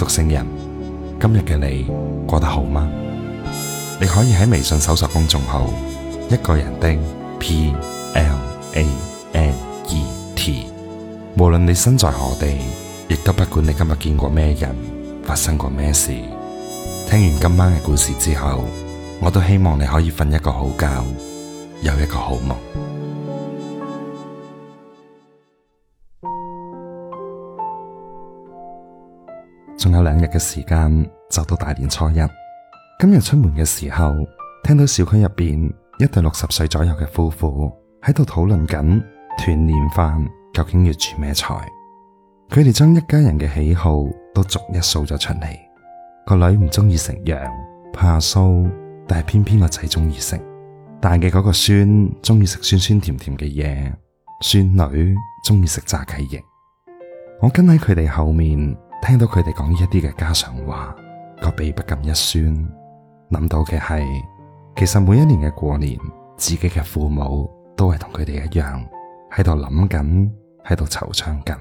獨性人，今日嘅你過得好嗎？你可以喺微信搜索公眾號一個人的 P L A N E T，無論你身在何地，亦都不管你今日見過咩人，發生過咩事。聽完今晚嘅故事之後，我都希望你可以瞓一個好覺，有一個好夢。兩日嘅時間就到大年初一。今日出門嘅時候，聽到小區入邊一對六十歲左右嘅夫婦喺度討論緊團年飯究竟要煮咩菜。佢哋將一家人嘅喜好都逐一數咗出嚟。個女唔中意食羊，怕臊，但係偏偏個仔中意食。大嘅嗰個孫中意食酸酸甜甜嘅嘢，孫女中意食炸雞翼。我跟喺佢哋後面。聽到佢哋講呢一啲嘅家常話，個鼻不禁一酸。諗到嘅係，其實每一年嘅過年，自己嘅父母都係同佢哋一樣，喺度諗緊，喺度惆悵緊，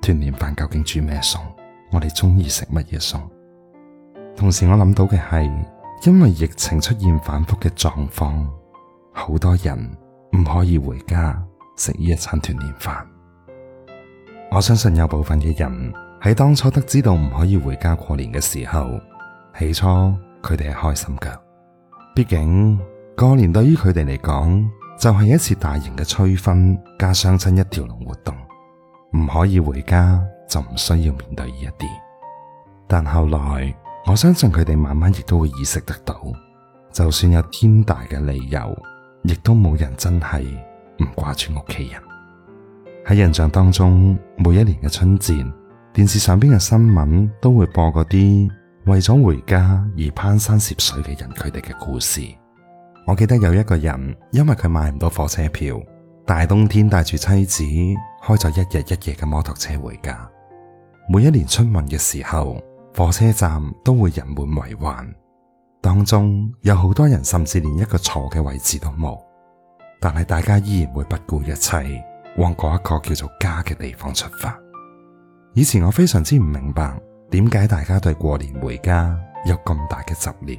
團年飯究竟煮咩餸，我哋中意食乜嘢餸。同時我諗到嘅係，因為疫情出現反復嘅狀況，好多人唔可以回家食呢一餐團年飯。我相信有部分嘅人。喺當初得知到唔可以回家過年嘅時候，起初佢哋係開心噶，畢竟過年對於佢哋嚟講就係一次大型嘅催婚加相親一條龍活動，唔可以回家就唔需要面對呢一啲。但後來我相信佢哋慢慢亦都會意識得到，就算有天大嘅理由，亦都冇人真係唔掛住屋企人。喺印象當中，每一年嘅春節，電視上邊嘅新聞都會播嗰啲為咗回家而攀山涉水嘅人，佢哋嘅故事。我記得有一個人，因為佢買唔到火車票，大冬天帶住妻子開咗一日一夜嘅摩托車回家。每一年春運嘅時候，火車站都會人滿為患，當中有好多人甚至連一個坐嘅位置都冇，但係大家依然會不顧一切往嗰一個叫做家嘅地方出發。以前我非常之唔明白點解大家對過年回家有咁大嘅執念。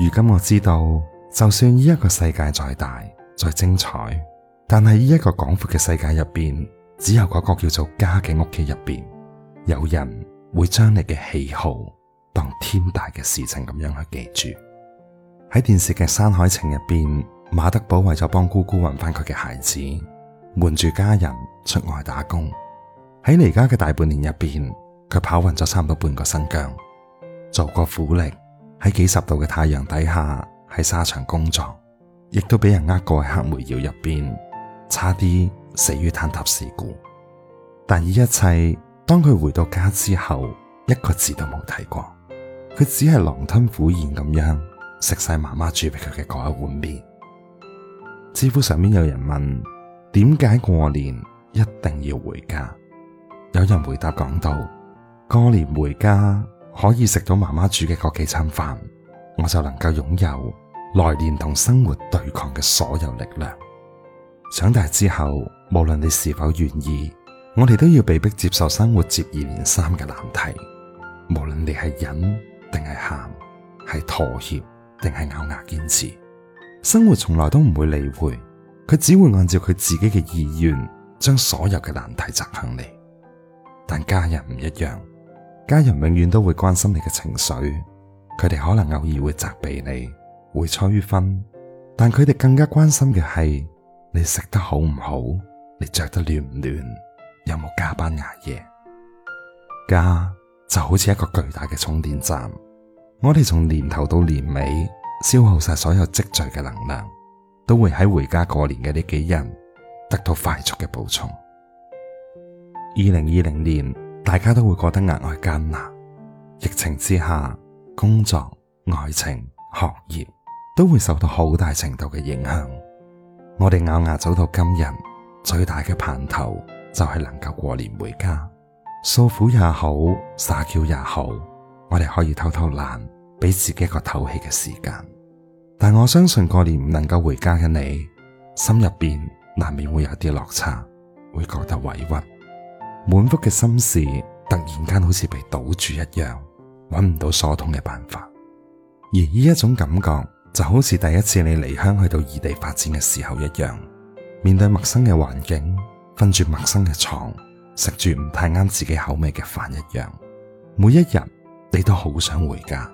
如今我知道，就算呢一個世界再大、再精彩，但係呢一個廣闊嘅世界入邊，只有嗰個叫做家嘅屋企入邊，有人會將你嘅喜好當天大嘅事情咁樣去記住。喺電視劇《山海情》入邊，馬德寶為咗幫姑姑搵翻佢嘅孩子，瞞住家人出外打工。喺離家嘅大半年入邊，佢跑匀咗差唔多半個新疆，做過苦力，喺幾十度嘅太陽底下，喺沙場工作，亦都俾人呃過喺黑煤窯入邊，差啲死於坍塌事故。但呢一切，當佢回到家之後，一個字都冇提過，佢只係狼吞虎咽咁樣食晒媽媽煮俾佢嘅嗰一碗麵。知乎上面有人問：點解過年一定要回家？有人回答講到，過年回家可以食到媽媽煮嘅嗰幾餐飯，我就能夠擁有來年同生活對抗嘅所有力量。長大之後，無論你是否願意，我哋都要被迫接受生活接二連三嘅難題。無論你係忍定係喊，係妥協定係咬牙堅持，生活從來都唔會理會，佢只會按照佢自己嘅意願將所有嘅難題砸向你。但家人唔一樣，家人永遠都會關心你嘅情緒，佢哋可能偶爾會責備你，會催婚。但佢哋更加關心嘅係你食得好唔好，你着得暖唔暖，有冇加班捱夜。家就好似一個巨大嘅充電站，我哋從年頭到年尾消耗晒所有積聚嘅能量，都會喺回家過年嘅呢幾日得到快速嘅補充。二零二零年，大家都會覺得額外艱難。疫情之下，工作、愛情、學業都會受到好大程度嘅影響。我哋咬牙走到今日，最大嘅盼頭就係能夠過年回家。訴苦也好，撒嬌也好，我哋可以偷偷懶，俾自己一個透氣嘅時間。但我相信過年唔能夠回家嘅你，心入邊難免會有啲落差，會覺得委屈。滿腹嘅心事突然間好似被堵住一樣，揾唔到疏通嘅辦法。而呢一種感覺就好似第一次你離鄉去到異地發展嘅時候一樣，面對陌生嘅環境，瞓住陌生嘅床，食住唔太啱自己口味嘅飯一樣。每一日你都好想回家。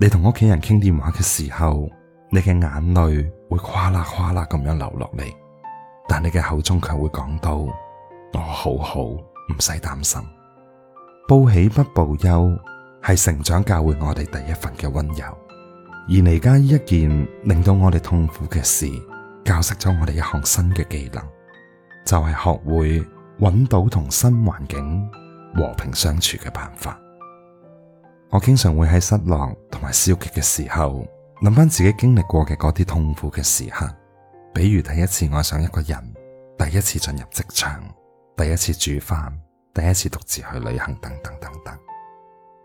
你同屋企人傾電話嘅時候，你嘅眼淚會嘩啦嘩啦咁樣流落嚟，但你嘅口中卻會講到：我好好。唔使擔心，報喜不報憂係成長教會我哋第一份嘅溫柔。而而家呢一件令到我哋痛苦嘅事，教識咗我哋一項新嘅技能，就係學會揾到同新環境和平相處嘅辦法。我經常會喺失落同埋消極嘅時候，諗返自己經歷過嘅嗰啲痛苦嘅時刻，比如第一次愛上一個人，第一次進入職場。第一次煮飯，第一次獨自去旅行，等等等等。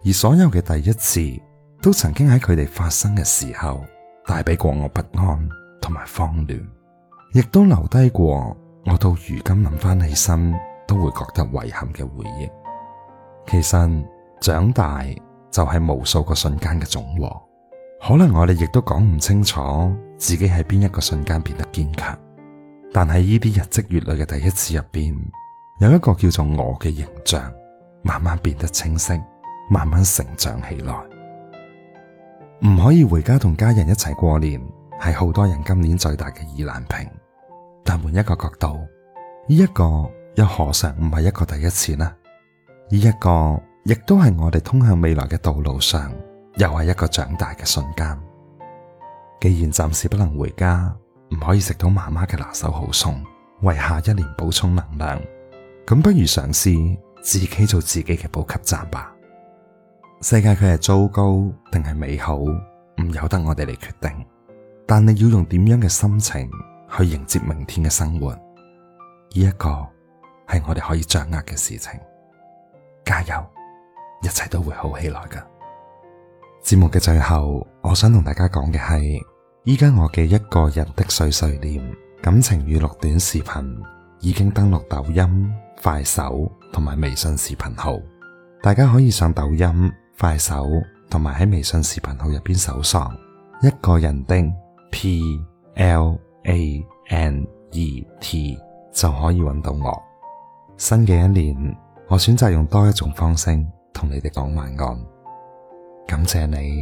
而所有嘅第一次，都曾經喺佢哋發生嘅時候，帶俾過我不安同埋慌亂，亦都留低過我到如今諗翻起身都會覺得遺憾嘅回憶。其實長大就係無數個瞬間嘅總和，可能我哋亦都講唔清楚自己喺邊一個瞬間變得堅強，但係呢啲日積月累嘅第一次入邊。有一個叫做我嘅形象，慢慢變得清晰，慢慢成長起來。唔可以回家同家人一齊過年，係好多人今年最大嘅意難平。但換一個角度，呢一個又何嘗唔係一個第一次呢？呢一個亦都係我哋通向未來嘅道路上又係一個長大嘅瞬間。既然暫時不能回家，唔可以食到媽媽嘅拿手好餸，為下一年補充能量，咁不如嘗試自己做自己嘅補給站吧。世界佢係糟糕定係美好，唔由得我哋嚟決定。但你要用點樣嘅心情去迎接明天嘅生活，呢一個係我哋可以掌握嘅事情。加油，一切都會好起來噶。節目嘅最後，我想同大家講嘅係，依家我嘅一個人的碎碎念感情語錄短視頻已經登錄抖音。快手同埋微信視頻號，大家可以上抖音、快手同埋喺微信視頻號入邊搜索一個人的 P L A N E T 就可以揾到我。新嘅一年，我選擇用多一種方式同你哋講晚安。感謝你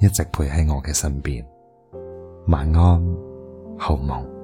一直陪喺我嘅身邊，晚安，好夢。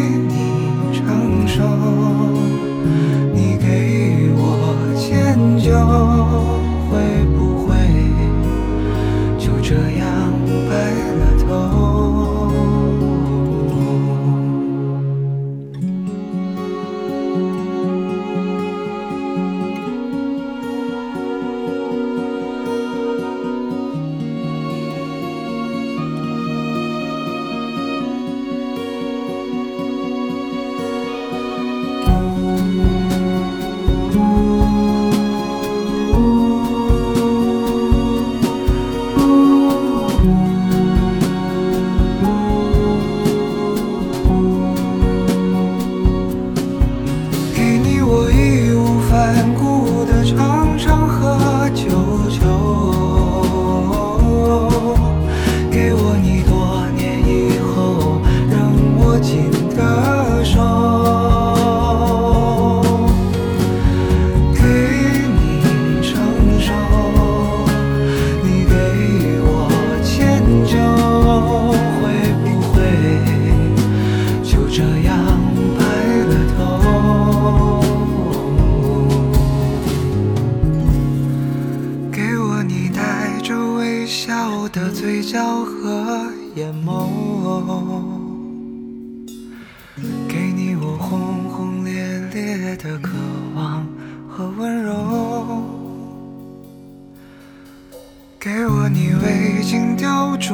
我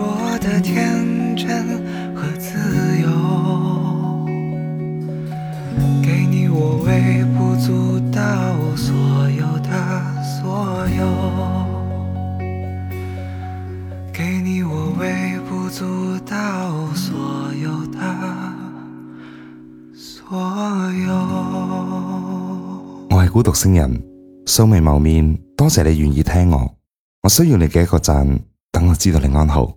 係孤獨星人，素未謀面，多謝你願意聽我。我需要你嘅一個讚，等我知道你安好。